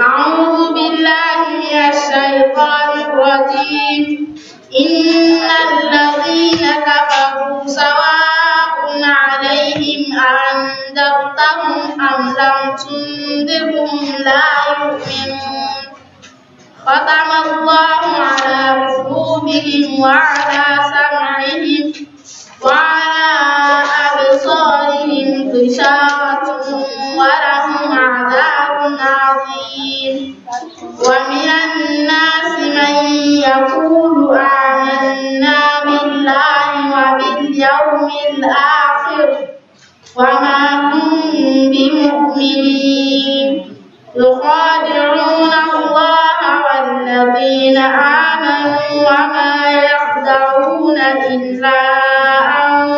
أعوذ بالله من الشيطان الرجيم إن الذين كفروا سواء عليهم أأنذرتهم أم لم تنذرهم لا يؤمنون ختم الله على قلوبهم وعلى سمعهم وعلى أبصارهم غشاوة يقول آمنا بالله وباليوم الآخر وما هم بمؤمنين يخادعون الله والذين آمنوا وما يخدعون إلا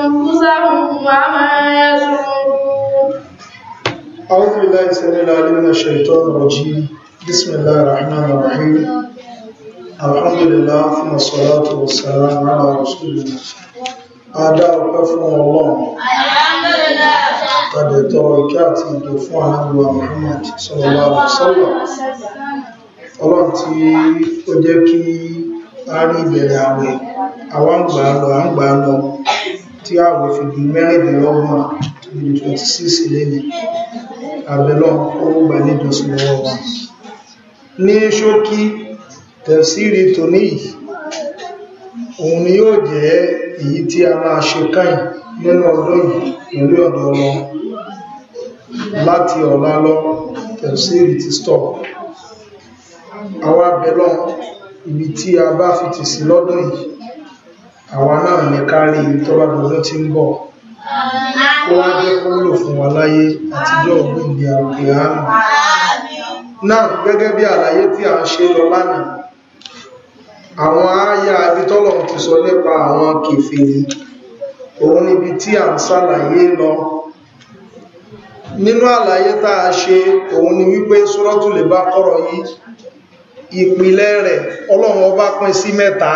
أنفسهم وما يشعرون أعوذ بالله السميع العليم من الشيطان الرجيم بسم الله الرحمن الرحيم alhamdulillah fún ọ̀sọ̀látò ọ̀sẹ̀lá ara ọ̀sọ̀lẹ̀ adá ọpẹ́ fún ọlọ́run tàbẹ̀tọ̀ ìkẹ́ fún àhàlùwà Muhammad sọ̀rọ̀lá ọ̀sọ̀lọ̀ ọlọ́run ó jẹ́ kí a rí ìbẹ̀rẹ̀ àwẹ̀ àwọn àgbàlọ tí àwẹ̀ fi di mẹ́rìndínlọ́gbọ̀n 26 lẹ́yìn àbẹ̀lọ́ ó gbà lọ́wọ́ wa ní ṣókí tẹ̀fsíìrì tòní yìí òun ni yóò jẹ́ èyí tí a máa ṣe káyìn nínú ọdún yìí ọ̀dọ̀ lọ láti ọ̀la lọ tẹ̀fsíìrì ti stop awa abẹ́lọ́ ibi tí a bá fi sí lọ́dún yìí àwa náà ní kárí tọ́lá ń bọ̀ kó wá jẹ́ kó fún wa láyé àtijọ́ náà gẹ́gẹ́ bí àlàyé tí a ń lọ lánàá àwọn àyà abitọ́lọ̀ ti sọ nípa àwọn kèfèrí òun níbi tí à ń sàlàyé lọ nínú àlàyé tá a ṣe òun ni wípé Suratul Baqara yìí ìpìlẹ̀ rẹ̀ ọlọ́run ọba pín sí mẹ́ta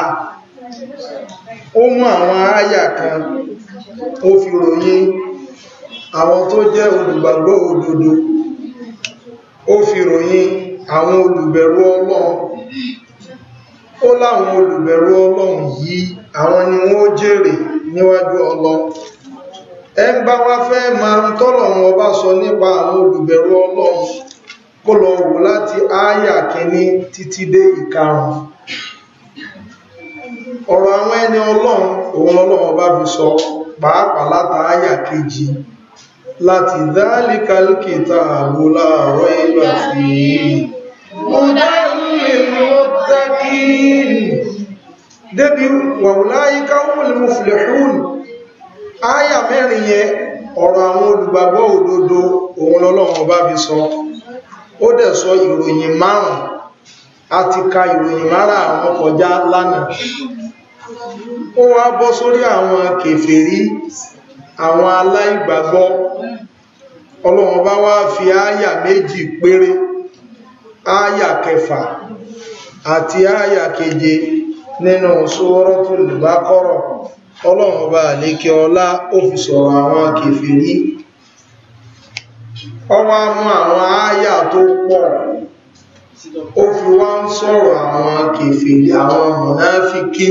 ó mú àwọn àyà kan ó fi ròyìn àwọn tó jẹ́ olùgbàgbọ́ òdodo ó fi ròyìn àwọn olùbẹ̀rù ọlọ́run ó láwọn olùbẹ̀rù ọlọ́run yìí àwọn ni wọ́n jèrè níwájú ọlọ́ ẹ ń bá wá fẹ́ máa ń tọ́rọ̀ wọn bá sọ nípa àwọn olùbẹ̀rù ọlọ́run kó lọ wò láti ááyà kínní títí dé ìkarùn ọ̀rọ̀ àwọn ẹni ọlọ́run òun ọlọ́run bá fi sọ pàápàá láta ááyà kejì láti dáálíkálíkì tààbò láàárọ̀ ìlú àfihàn mo dá ìlú المتقين débi wàwùláyí káwùl المفلحون áyà mẹ́rin yẹn ọ̀rọ̀ àwọn olùgbàgbọ́ òdodo òun lọ́lọ́run ọba bí sọ ó dẹ̀ sọ ìròyìn márùn a ti ka ìròyìn márùn àwọn kọjá lánàá ó wá bọ́ sórí àwọn kèfèrí àwọn aláìgbàgbọ́ ọlọ́run bá wá fi áyà méjì péré áyà kẹfà àti àyà keje nínú Suratul Baqarah ọlọ́run ọba àlékẹ́ ọlá ó fi sọ̀rọ̀ àwọn kèfèrí ọwá mú àwọn àyà tó pọ̀ ó fi wá ń sọ̀rọ̀ àwọn kèfèrí àwọn mọ̀náfíkí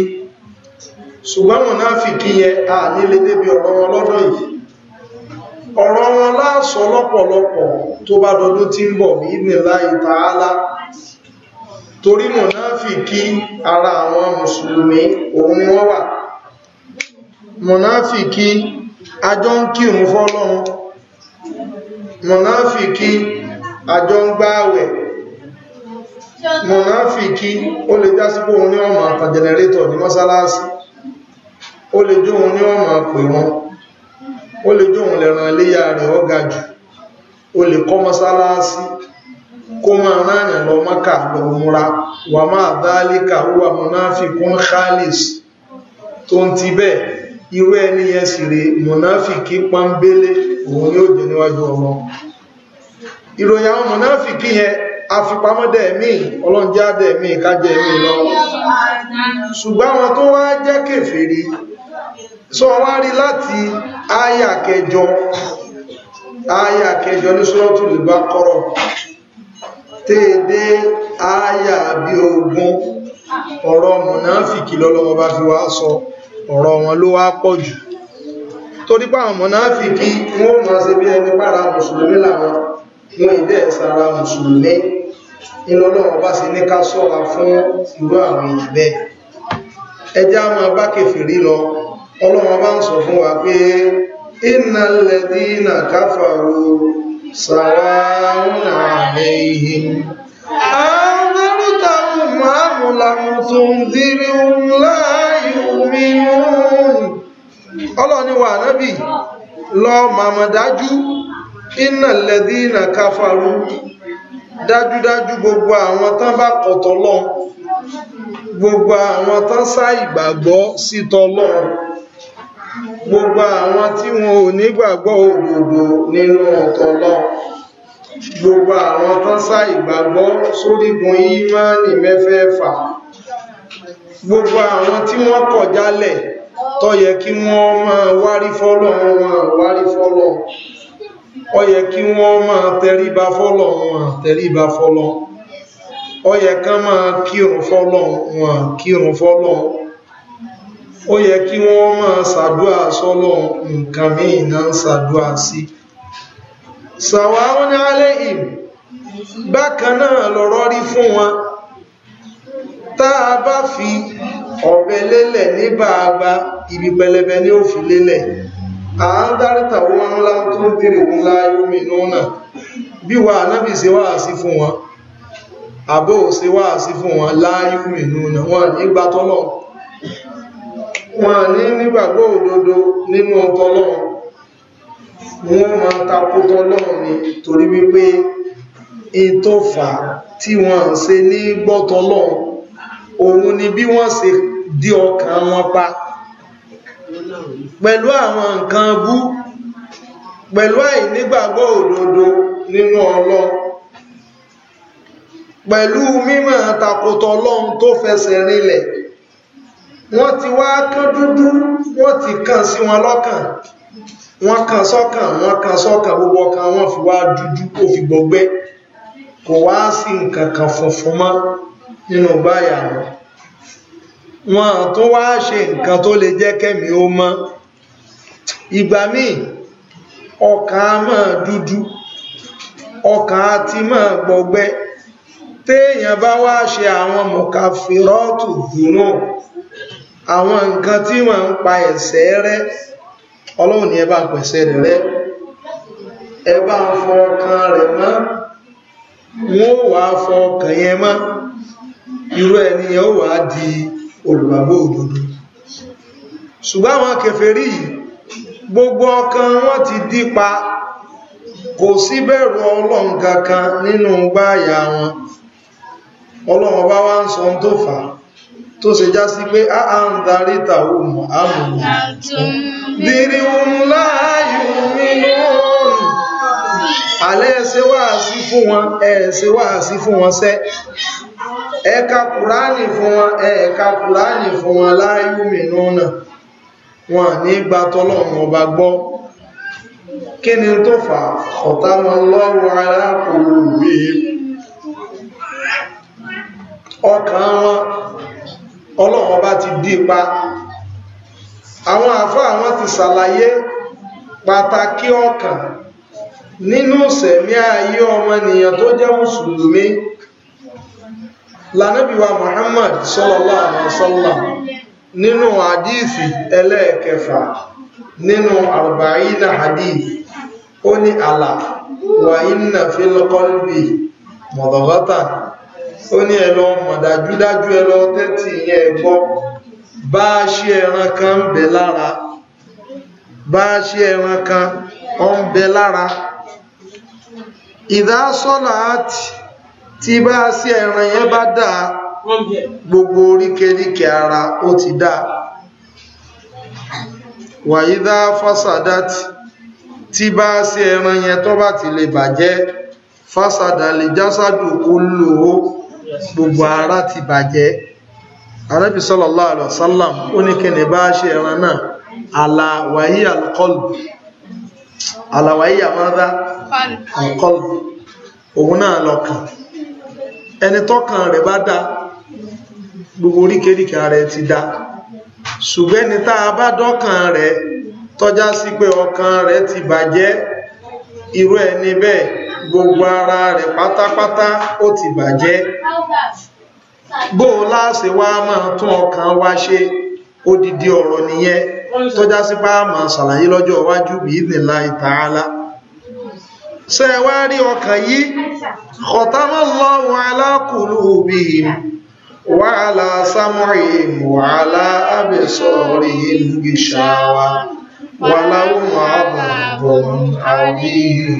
ṣùgbọ́n mọ̀náfíkí yẹ a nílé débi ọ̀rọ̀ wọn lọ́dọ̀ yìí ọ̀rọ̀ lọ́pọ̀lọpọ̀ tó bá dọdún tí ń bọ̀ bí ní láì tààlá torí mọ̀náfìkí ara àwọn mùsùlùmí òun ni wọ́n wà mọ̀náfìkí ajọ́ ń kírun fọ́lọ́run mọ̀náfìkí ajọ́ ń gbáwẹ̀ mọ̀náfìkí ó lè jásípò òun ní ọmọ àtà jẹnẹrétọ̀ ní mọ́sálásí ó lè jó òun ní ọmọ pè wọn ó lè jó òun lẹ̀ràn iléyà rẹ̀ ó ó lè kọ́ mọ́sálásí kó máa ráyàn lọ mọ́kà lọ múra wà máa dhalika huwa munafiqun khalis tó ń ti bẹ́ẹ̀ irú ẹni yẹn sì rè mùnáfìkì pọ́nbélé òun yóò jẹ níwájú ọmọ ìròyìn àwọn mùnáfìkì yẹn afipamọ́dẹ̀ mí ọlọ́njáde mí kájẹ̀ mí lọ ṣùgbọ́n àwọn tó wá jẹ́ kèfèrí sọ wá rí láti áyà kẹjọ áyà kẹjọ ní Suratul Baqara téèdé ááyà bí ogun ọ̀rọ̀ mọ̀náfìkì lọ́lọ́wọ́ bá fi wá sọ ọ̀rọ̀ wọn ló wá pọ̀ jù torí pé àwọn mọ̀náfìkì wọ́n máa ṣe bí ẹni para mùsùlùmí làwọn wọn ìdẹ́ sára mùsùlùmí ìlọ́lọ́wọ́ bá ṣe ní ká sọ́ra fún irú àwọn èèyàn bẹ́ẹ̀ ẹjá máa bá kèfèrí lọ ọlọ́wọ́ bá ń sọ fún wa pé innal ladina سلام عليهم dịrị أم لم تنذرهم لا يؤمنون ọlọ́ni wà nábì lọ dájú iná lẹ́dí ìnà káfàrú dájúdájú gbogbo àwọn tán bá kọ̀tọ̀ lọ gbogbo àwọn tán sá ìgbàgbọ́ sí mo gba àwọn tí wọn ò nígbàgbọ́ òdodo nínú ọ̀tọ̀lọ́ gbogbo àwọn tán sá ìgbàgbọ́ sórígun ìmánì mẹ́fẹ̀ẹ̀fà gbogbo àwọn tí wọ́n kọ̀ jálẹ̀ tó yẹ kí wọ́n máa wárí fọ́lọ̀ wọn wárí fọ́lọ̀ ó yẹ kí wọ́n máa tẹríba fọ́lọ̀ wọn tẹríba fọ́lọ̀ ó yẹ kán máa kírun fọ́lọ̀ wọn kírun fọ́lọ̀ wọn ó yẹ kí wọ́n máa ṣàdúà sọ́lọ̀ nǹkan míì náà ṣàdúà sí sàwárún aléhìm bákan náà lọ́rọ́ rí fún wọn tá a bá fi ọ̀bẹ lélẹ̀ ní bàbá ibi pẹlẹbẹ ní òfin lélẹ̀ à ń dárítà wọn ńlá tó ń tèrè ńlá omi náà bí wa ànábì ṣe wá sí fún wọn àbó ṣe wá sí fún wọn láyé omi wọn nígbà tọ́lọ́pù wọn ní nígbàgbọ́ òdodo nínú ọtọlọ́run wọ́n máa takò tọlọ́run ni torí wípé ìtọ́fà tí wọ́n ń ṣe ní gbọ́tọlọ́run òun ni bí wọ́n ṣe dí ọkàn wọn pa pẹ̀lú àwọn nǹkan bú pẹ̀lú àìnígbàgbọ́ òdodo nínú ọlọ́run pẹ̀lú mímọ̀ takò tọlọ́run tó fẹsẹ̀ rinlẹ̀ wọ́n ti wá kán dúdú wọ́n ti kàn sí wọn lọ́kàn wọ́n kàn sọ́kàn wọ́n kàn sọ́kàn gbogbo ọkàn wọ́n fi wá dúdú ó fi gbọgbẹ́ kò wá sí nǹkan kan funfun mọ́ nínú báyà wọn wọn tó wá ṣe nǹkan tó lè jẹ́ kẹ́mi ó mọ́ ìgbà míì ọkàn á máa dúdú ọkàn á ti máa gbọgbẹ́ téèyàn bá wá ṣe àwọn dùn náà. àwọn nǹkan tí wọ́n ń pa ẹ̀ṣẹ̀ rẹ́ ọlọ́run ni ẹ bá rẹ̀ rẹ́ ẹ rẹ̀ mọ́ wọ́n wà fọ yẹn mọ́ irú ẹni yẹn ó wà di olùgbàgbọ́ òdodo ṣùgbọ́n àwọn kèfèrí yìí gbogbo ọkàn wọn ti dípa kò sí bẹ̀rù ọlọ́run kankan nínú gbáyà wọn ọlọ́run bá wá ń sọ tó fàá tó ṣe já sí pé a ah, à ah, ń darí tàwọn ọmọ àmọ́ dírí ohun láàyò nínú alẹ́ ẹ̀ṣẹ́ wáàsí fún wọn ẹ̀ṣẹ́ wáàsí fún wọn sẹ́ ẹ̀ka kùránì fún wọn ẹ̀ka kùránì fún wọn láàyò mìíràn náà wọn ní gba tọ́lọ́run ọba gbọ́ kí ni tó fà ọ̀tá wọn lọ́wọ́ arákùnrin òwe ọkàn wọn ọlọ́run ọba ti dí ipa àwọn àfá àwọn ti ṣàlàyé pàtàkì ọkàn nínú sẹ̀mí ayé ọmọnìyàn tó jẹ́ mùsùlùmí lànàbíwa Muhammad sallallahu alaihi nínú àdíìsì ẹlẹ́ẹ̀kẹfà nínú àrùbáyínà àdíìsì ó ní àlà wà inna fil qalbi ó ní ẹlọ mọ̀dájúdájú ẹlọ tẹ́tì yẹn ẹgbọ́ bá a ṣe ẹran kan ń bẹ lára bá a ṣe ẹran kan ọ ń bẹ lára ìdásọ́nà àti tí bá a ṣe ẹran yẹn bá dáa gbogbo oríkèríkè ara ó ti dáa wàyídá fásádátì tí bá a ṣe ẹran yẹn tó bá ti lè bàjẹ́ fásádà lè jásádù olùlòó gbogbo ara ti bàjẹ́ arábì sallallahu alaihi wasallam ó ní kí ni bá ṣe ẹran náà àlàwàyí alqalb àlàwàyí àmọ́dá alqalb òun náà lọ́kàn ẹni tọ́kàn rẹ̀ bá dá gbogbo oríkèríkà rẹ̀ ti dá ṣùgbọ́n tá a bá dọ́kàn rẹ̀ tọ́já sí pé ọkàn rẹ̀ ti bàjẹ́ irú ẹni bẹ́ẹ̀ gbogbo ara rẹ̀ pátápátá ó ti bàjẹ́ bó láàṣẹ wá máa tún ọkàn wa ṣe odidi ọ̀rọ̀ nìyẹn tó já sí pá máa ṣàlàyé lọ́jọ́ iwájú bí ìdìnlá ìtààlá ṣe wá rí ọkàn yìí khatamallahu ala qulubihim wa ala sam'ihim wa ala absarihim gishawa wa lahum adhabun adhim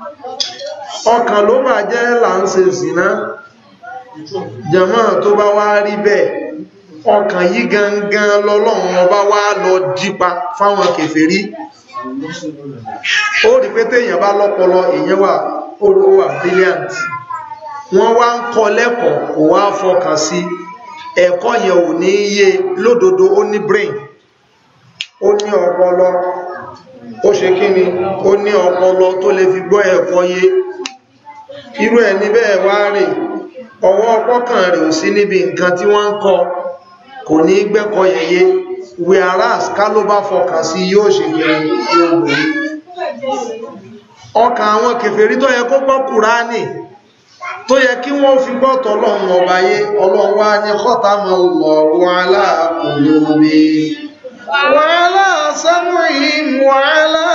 ọkàn ló bà jẹ́ là ń ṣe zìná jẹ̀mọ́ tó bá wá rí bẹ́ẹ̀ ọkàn yí gangan lọ́lọ́run ọba wá lọ jípa fáwọn kèfèrí ó rí pé téèyàn bá lọ́pọlọ èèyàn wà olówà brilliant wọ́n wá ń kọ́ lẹ́kọ̀ọ́ kò wá fọkàn sí ẹ̀kọ́ yẹn ò ní yé lódodo ó ní brain ó ní ọpọlọ ó ṣe kí ni ó ní ọpọlọ tó lè fi gbọ́ ẹ̀kọ́ yé irú ẹni bẹ́ẹ̀ wá rè ọwọ́ ọpọ́kàn rẹ̀ ò sí níbi nǹkan tí wọ́n ń kọ kò ní gbẹ́kọ̀ yẹyẹ whereas ká ló bá fọkàn sí yóò ṣe kiri yóò borí ọkàn àwọn kèfèrí tó yẹ kó gbọ́ kùránì tó yẹ kí wọ́n fi gbọ́ tọ́lọ́run ọba yé ọlọ́run wá ní kọ́ta mọ́ lọ́rùn aláàkùnlóbi wàhálà sámúhìm wàhálà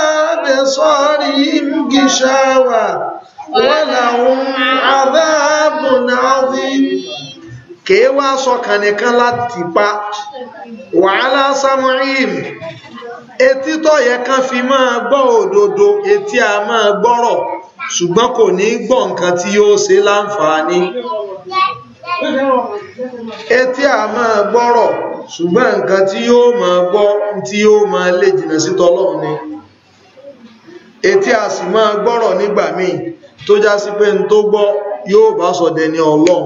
bẹ̀sọ́rì gíṣàwà ولهم عذاب عظيم kèé wá sọ nìkan lati pa wàhálà samuel etí tó yẹ kán fi máa gbọ́ òdodo etí a máa gbọ́rọ̀ ṣùgbọ́n kò ní gbọ́ nǹkan tí yóò ṣe láǹfààní etí a máa gbọ́rọ̀ ṣùgbọ́n nǹkan tí yóò máa gbọ́ tí yóò máa lè jìnnà sí ni etí a sì máa gbọ́rọ̀ nígbà míì tó já sí pé n tó gbọ́ yóò bá sọ̀dẹ̀ ní ọlọ́run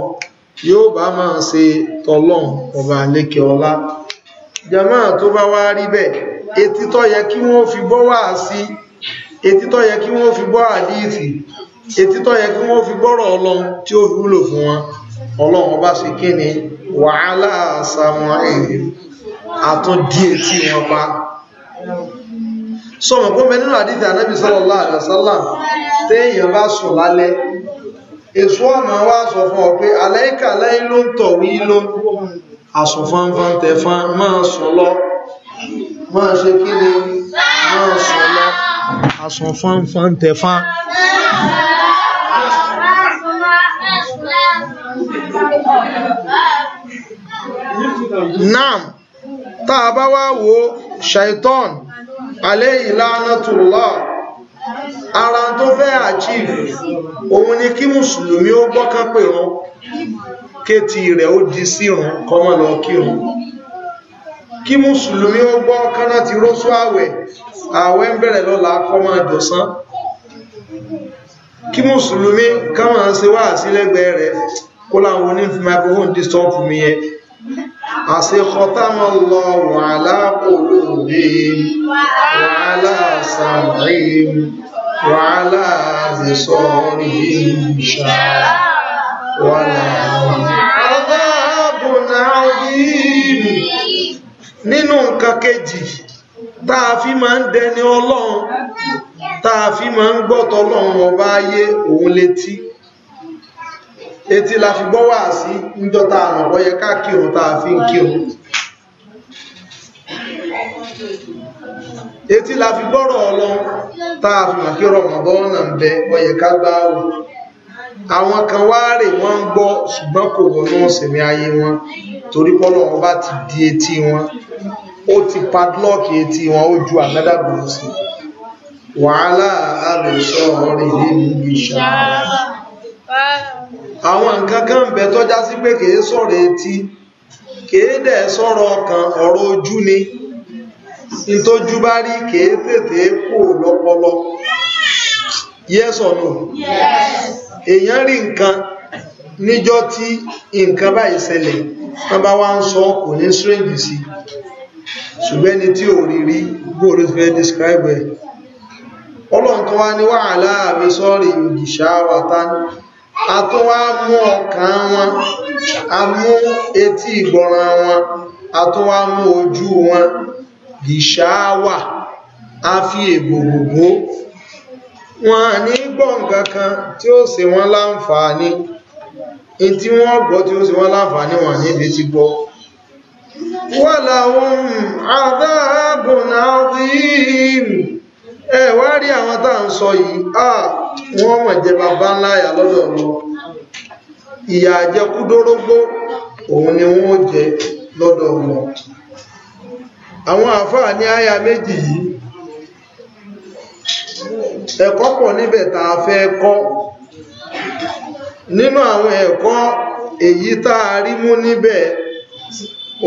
yóò bá máa ṣe tọlọ́run ọba lékè ọlá jama tó bá wá rí bẹ́ẹ̀ etí tó yẹ kí wọ́n fi gbọ́ wáàsí etí tó yẹ kí wọ́n fi gbọ́ àdíìsì etí tó yẹ kí wọ́n fi gbọ́rọ̀ ọlọ́run tí ó wúlò fún wọn ọlọ́run ọba ṣe kí ni wàhálà samuel àtúndí etí wọn pa sọmọ kó mẹ nínú àdìsí anábì sallallahu alaihi wasallam téèyàn bá sùn lálẹ́ èso ọmọ wa sọ fún ọ pé aláìka aláì ló ń tọ̀ wí ló àsùnfánfán tẹfán máa sùn lọ máa ṣe kí ni máa sùn lọ àsùnfánfán tẹfán. Naam, tá a bá wá wo Shaitan alẹ́ ìlànà tùlọ́ ara tó fẹ́ achieve òun ni kí mùsùlùmí ó gbọ́kàn pè rán kéti rẹ̀ ó di kọmọ lọ kírun kí mùsùlùmí ó ti àwẹ̀ àwẹ̀ ń bẹ̀rẹ̀ lọ́la kọmọ àjọsán kí mùsùlùmí káwọn ṣe wá rẹ̀ kó láwọn onífìmọ́ أسخطم الله على قلوبهم وعلى سمعهم وعلى أبصارهم شاء ولهم عذاب عظيم nínú nǹkan kejì tá a fi máa ń dẹni ọlọ́run tá a fi máa ń gbọ́tọ̀ ọlọ́run ọba ayé òun létí etí la fi gbọ́ wáàsí níjọ́ tá àmọ̀ bọ́ yẹ ká kírun tá a fi ń kírun etí la fi gbọ́rọ̀ ọlọ́run tá fi mọ̀ kí rọmọbọ́ náà ń bẹ bọ́ ká gbá wò àwọn kan wá rè wọ́n ń gbọ́ ṣùgbọ́n kò wọnú ọ̀sẹ̀mí ayé wọn torí pọ́lọ́ wọn bá ti di etí wọn ó ti padlock etí wọn ó ju another bus wàhálà àlùsọ ọ̀rẹ́ ìlú ìṣàlá. àwọn nǹkan kan bẹ tó já sí pé kìí sọ̀rọ̀ etí kìí dẹ̀ sọ̀rọ̀ ọkàn ọ̀rọ̀ ojú ni ntójú bá rí kìí tètè kò lọ́pọlọ yes or no èèyàn rí nǹkan níjọ́ tí nǹkan báyìí ṣẹlẹ̀ wọ́n bá wá ń sọ kò ní strange sí ṣùgbẹ́ ni tí ò rí rí gbòòrò fẹ́ describe ẹ̀ ọlọ́run tó wá ní wàhálà àmì sọ́ọ̀rì ìgìṣà wàtá a tún wá mú ọkàn wọn a mú etí ìgbọràn wọn a tún wá mú ojú wọn gìṣáwà a fi ègbògbògbò wọn ní gbọ̀ǹkan kan tí ó ṣe wọ́n láǹfààní in tí wọ́n tí ó ṣe wọ́n láǹfààní wọn níbi ti gbọ́ wọ́n làwọn àdáàbùn náà rí ẹ wá rí àwọn tá à ń sọ yìí wọ́n mọ̀ jẹ bàbá ńlá àyà lọ́dọ̀ wọn ìyà àjẹkúdórógbó òun ni wọ́n jẹ lọ́dọ̀ wọn àwọn àfáà ní àyà méjì yìí ẹ̀kọ́ pọ̀ níbẹ̀ tá a fẹ́ kọ́ nínú àwọn ẹ̀kọ́ èyí tá a rí mú níbẹ̀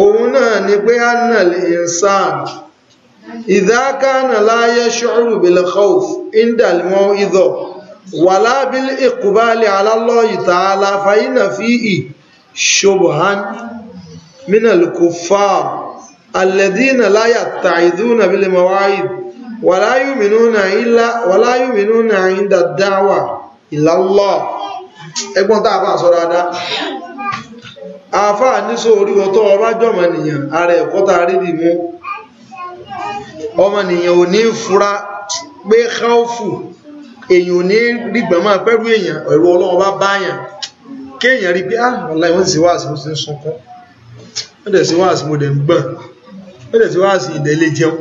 òun náà إذا كان لا يشعر بالخوف عند الموعظة ولا بالإقبال على الله تعالى فإن فيه شبها من الكفار الذين لا يتعذون بالمواعيد ولا يؤمنون إلا ولا يؤمنون عند الدعوة إلى الله ẹgbọ́n tá a fà sọ dáadáa àáfàá ní sóorí ọtọ́ ọbájọ́mọ̀ nìyàn ààrẹ ẹ̀kọ́ tá a rí dì mú ọmọnìyàn ò ní fura pé káwọ́fù èyàn ò ní rígbà máa pẹ́rú èyàn ẹ̀rù ọlọ́run bá báyàn kéèyàn rí pé àlọ́lá ìwọ́n sì wáàsí mo sì ń sunkún wọ́n dẹ̀ sí wáàsí mo dẹ̀ ń gbọ̀n wọ́n dẹ̀ sí wáàsí ìdẹ̀ lè jẹun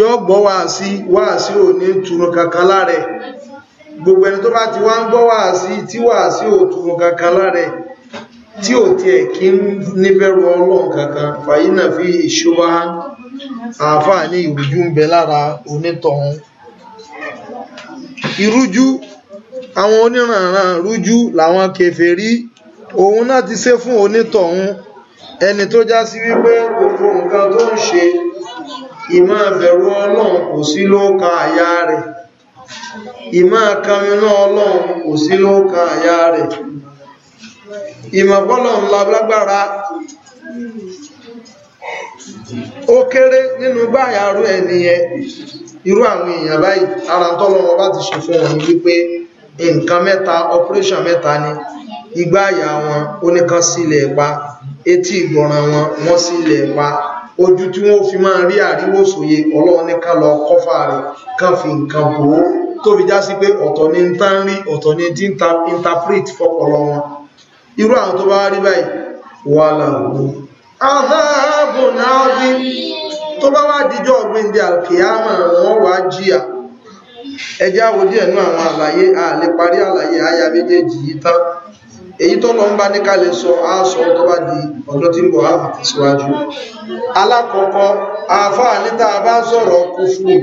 yọ́ gbọ́ wáàsí wáàsí ò ní túnú kankan lára gbogbo ẹni tó bá ti wá ń gbọ́ wáàsí tí wáàsí ò túnú kankan lára tí ò tiẹ̀ kí ń níbẹ̀rù ọlọ́run kankan fàyínà fi ìṣúwá àáfàá ní ìrújú ń bẹ lára onítọ̀hún ìrújú àwọn oníranran rújú làwọn rí. òun náà ti ṣe fún onítọ̀hún ẹni tó já sí wípé gbogbo nǹkan tó ń ṣe ìmọ̀ bẹ̀rù ọlọ́run kò sí ló ka àyà rẹ̀ ìmọ̀ kaminá ọlọ́run kò sí ló ka àyà rẹ̀ ìmọ̀ bọ́lọ̀ ńlá lágbára ó kéré nínú gbáyà rú ẹniyẹn irú àwọn èèyàn báyìí ara tọ́lọ́wọ́ bá ti ṣe fún wọn wípé nǹkan mẹ́ta operation mẹ́ta ni igbáyà wọn oníkan sílẹ̀ pa etí ìgbọ̀ràn wọn wọ́n sílẹ̀ pa ojú tí wọ́n fi máa rí àríwòsòye ọlọ́run ní ká lọ kọ́fà rẹ̀ kan fi nǹkan bò ó tó fi já sí pé ọ̀tọ̀ ni ń tán rí ọ̀tọ̀ ni tí ń interpret fọ́pọ̀lọ́ wọn irú àwọn tó bá rí báyìí wà láwùú adáàbò náà bí tó bá wá díjọ́ ọ̀gbìndì alkiyama wọn wá jíyà ẹjá wo díẹ̀ nú àwọn àlàyé àlè parí àlàyé àyà méjèèjì yìí tán èyí tó lọ ń bá níkàlẹ̀ sọ aṣọ tó bá di ọdún tí ń bọ̀ á tẹ̀síwájú alákọ̀ọ́kọ́ àfáà níta bá sọ̀rọ̀ kúfùrù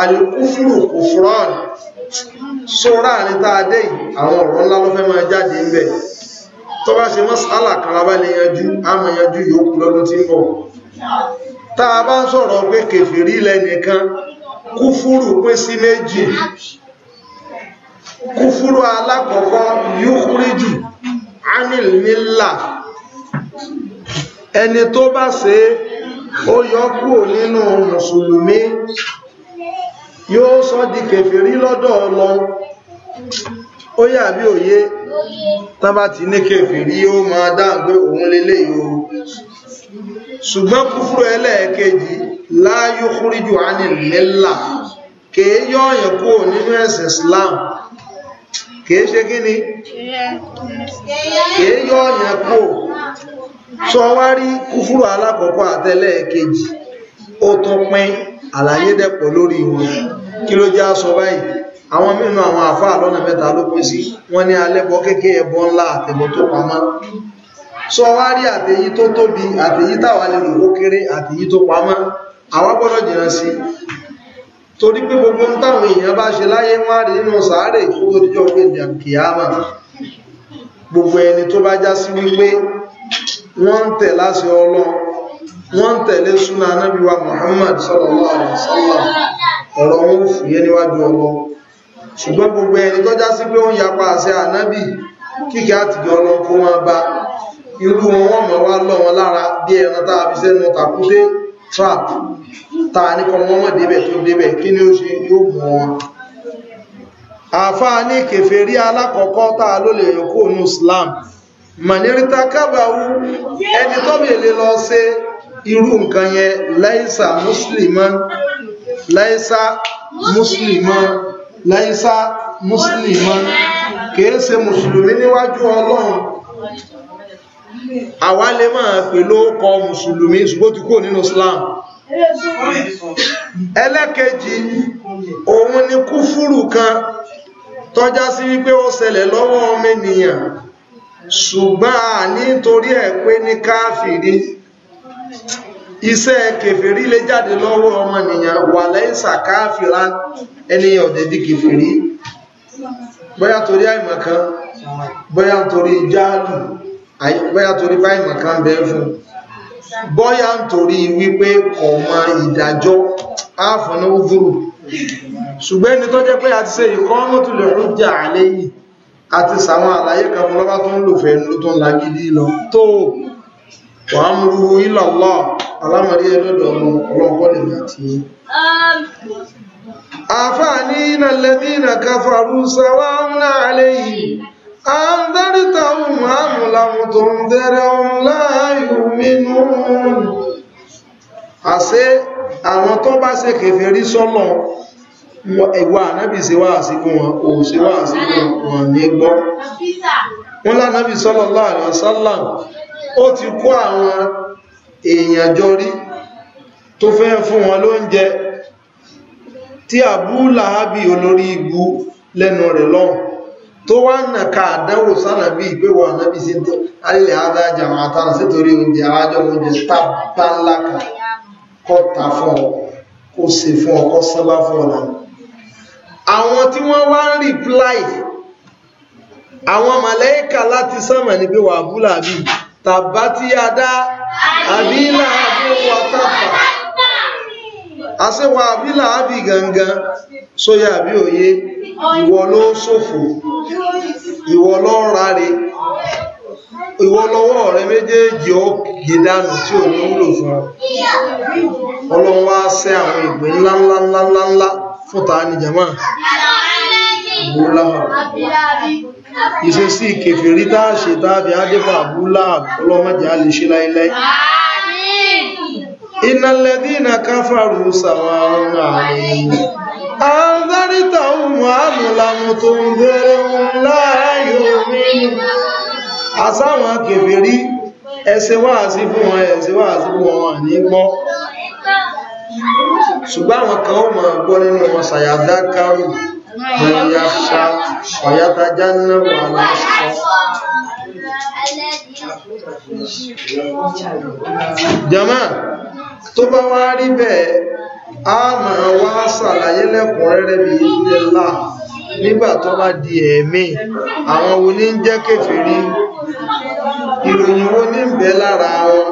àlùkúfùrù kúfùrán sọ́ra níta dé àwọn ọ̀rọ̀ ńlá ló fẹ́ máa jáde ń bẹ̀ tó bá ṣe mọ́sálà karaba lè yanjú àmà yanjú yòókù lọ́dún tí ń bọ̀ tá a bá ń sọ̀rọ̀ pé kèfèrí lẹ́nìkan kúfúrù pín sí méjì kúfúrú alákọ̀ọ́kọ́ yúkúríjù anil nílà ẹni tó bá ṣe ó yọ nínú mùsùlùmí yóò sọ di kèfèrí lọ́dọ̀ Ọlọ́run ó yà bí òye tán bá ti ní kèfèrí ó máa dáhùn pé òun lélẹ̀ yóò ṣùgbọ́n kúfúrú ẹlẹ́ẹ̀kejì la yukhriju anil milla kèé yọ́ọ̀yàn kú ò nínú ẹ̀sìn Islam kèé ṣe kí ni kèé yọ́ọ̀yàn kú ò sọ wá rí kúfúrú alákọ̀ọ́kọ́ àtẹlẹ́ẹ̀kejì ó tún pín àlàyé dẹ̀pọ̀ lórí wọn kí ló jẹ́ aṣọ báyìí àwọn mínú àwọn àfáà lọ́nà mẹ́ta ló pín sí wọ́n ní alẹ́bọ kéèké ẹbọ ńlá àtẹbọ tó pamọ́ sọ wá rí àtẹ̀yí tó tóbi àtẹ̀yí táwa lè rò ó kéré àtẹ̀yí tó pamọ́ àwa gbọ́dọ̀ jìnnà sí torí pé gbogbo ń táwọn èèyàn bá ṣe láyé wọ́n á rí nínú sàárè kó tó dijọ́ pé ní àkìyàmà gbogbo ẹni tó bá já sí wípé wọ́n ń tẹ̀ láṣẹ Ọlọ́run wọ́n Muhammad sallallahu alaihi wasallam ọ̀rọ̀ wọn ò fìyẹ́ níwájú Ọlọ́run ṣùgbọ́n gbogbo ẹni tó já sí pé ó ń yapa àṣẹ ànábì kíkẹ́ àtìgẹ́ ọlọ́run kó máa bá irú wọn wọ́n mọ̀ wá lọ wọn lára bí ẹran tá a fi sẹ́nu tàkúté trap ta ní kọ́ wọn mọ̀ débẹ̀ tó débẹ̀ kí ni ó ṣe yóò mú wọn. àáfàá ní kèfèrí alákọ̀ọ́kọ́ tá a ló lè yọkó nù Islam mọ̀nìrìtà kábàáwú ẹni tó bèèrè lọ ṣe irú nǹkan yẹn láìsà mùsùlùmọ́ láìsà mùsùlùmọ́ lẹ́yìnsá mùsùlùmí kìí ṣe mùsùlùmí níwájú ọlọ́run àwa lè máa pè lóókọ mùsùlùmí ṣùgbọ́n ti kúrò nínú Islam ẹlẹ́kejì òun ni kúfúrù kan tọ́já sí wípé ó ṣẹlẹ̀ lọ́wọ́ ọmọ ènìyàn ṣùgbọ́n a nítorí ẹ̀ pé ní káàfìrí iṣẹ́ kèfèrí lè jáde lọ́wọ́ ọmọnìyàn wà lẹ́yìnsà káàfìrá ẹniyàn ọ̀dẹ̀dì kèfèrí bóyá torí àìmọ̀kan bóyá torí jáàlù bóyá torí báìmọ̀kan bẹ́ fún bóyá torí wípé ọmọ ìdájọ́ áfọ̀nà òvúrù ṣùgbẹ́ ni tó jẹ́ pé a ti ṣe ìkọ́ mọ́tulẹ̀ ó jà lẹ́yìn àti sàwọn àlàyé kan fún lọ́bá tó ń lò fẹ́ ló mú ìlọ̀lọ́ alámọ̀rí ẹlọ́dọ̀ ọmọ ọlọ́pọ̀lẹ̀ láti yí um, àfáà ní iná lẹ́bí ìnà káfàrú sáwá ń láàrẹ yìí a ń dárítà ohun àmúlamù tó ń dẹ́rẹ́ ohun láàáyù mínú àṣẹ àwọn tó bá ṣe kèfè rí sọ́nà ìwà ànábì ṣe wá àsìkò wọn ò ṣe wá àsìkò wọn ní gbọ́ wọn lánàbì sallallahu alaihi wasallam ó ti kó àwọn èèyàn jọ rí tó fẹ́ fún wọn lóúnjẹ tí Abu Lahabi olórí ibu lẹ́nu rẹ̀ lọ́hùn tó wá nà ká àdánwò sánàbí ìgbéwọ̀ ànábì sí tó alẹ́ adájà àwọn àtàrà sítorí oúnjẹ àwájọ oúnjẹ tábà ńlá kan kọta fún ọ kó ṣe fún ọ kó sábà fún ọ náà àwọn tí wọ́n wá ń rìpláì àwọn màlẹ́kà láti sánmà ní pé wà búlàbí tàbá tí a dá abi lahabi watafa asịwa abi lahabi ganga so ya bí òye ìwọ ló ṣòfò ìwọ ló rárẹ ìwọ lọ́wọ́ rẹ méjèèjì ó gidanu tí ò ní wúlò fún ọ ọlọ́run wá ṣẹ́ àwọn ìgbé ńláńláńláńlá fún ta ni jama. Abu Lahab. Ìṣesí kèfèrí tá a ṣe tábí Adébà Abu ọlọ́mọdé a lè ṣe láìláì. Innal ladhina kafaru sawa'un 'alayhim. Anzartahum am lam tunzirhum la yu'minun. Àsáwọn kèfèrí ẹsẹ̀ fún wọn fún wọn ní gbọ́ ṣùgbọ́n àwọn kan ó gbọ́ nínú wọn ṣàyàdá kárùn-ún من يخشى ويتجنب jama tó bá wá rí bẹ́ẹ̀ a máa wá ṣàlàyé lẹ́kùnrẹ́rẹ́ bí ilẹ̀ láà nígbà tó bá di ẹ̀mí àwọn wo ní ń ìròyìn wo lára wọn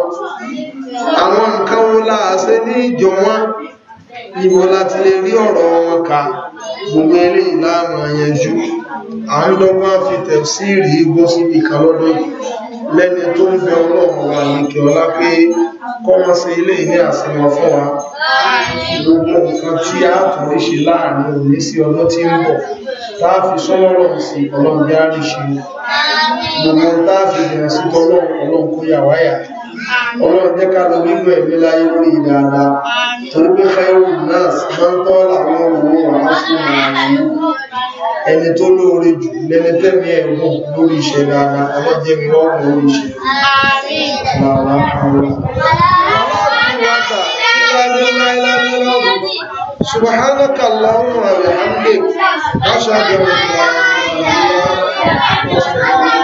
àwọn nǹkan wo láàṣẹ ní ìjọ wọn ibo láti lè rí ọ̀rọ̀ wọn kà gbogbo ilé ìlànà àyẹnjú à ń dọ́gbọ́n fi tẹ̀síìrì igbó síbi kan lọ́dún lẹ́ni tó ń bẹ ọlọ́run wà nìkẹ́ ọlá pé kọ́mọ́ sí ilé ilé àsìmọ̀ fún wa gbogbo nǹkan tí a tún lè ṣe láàrin òní sí ọdún tí ń bọ̀ táà fi sọ́lọ́rọ̀ sí ọlọ́run bí a rí ṣe gbogbo táà fi bẹ̀rẹ̀ sí tọ́lọ́run ọlọ́run kó yà wáyà ọlọ́run jẹ́ ká lọ nínú ẹ̀mí láyé lórí dáadáa torí pé fẹ́rùn náà máa ń tọ́ làwọn òwò àásùn ààrùn ẹni tó lóore jù lẹni tẹ́mi ẹ̀gbọ́n lórí iṣẹ́ dáadáa ọlọ́jẹ́ mi rọrùn lórí iṣẹ́ سبحانك اللهم وبحمدك أشهد أن لا إله إلا أنت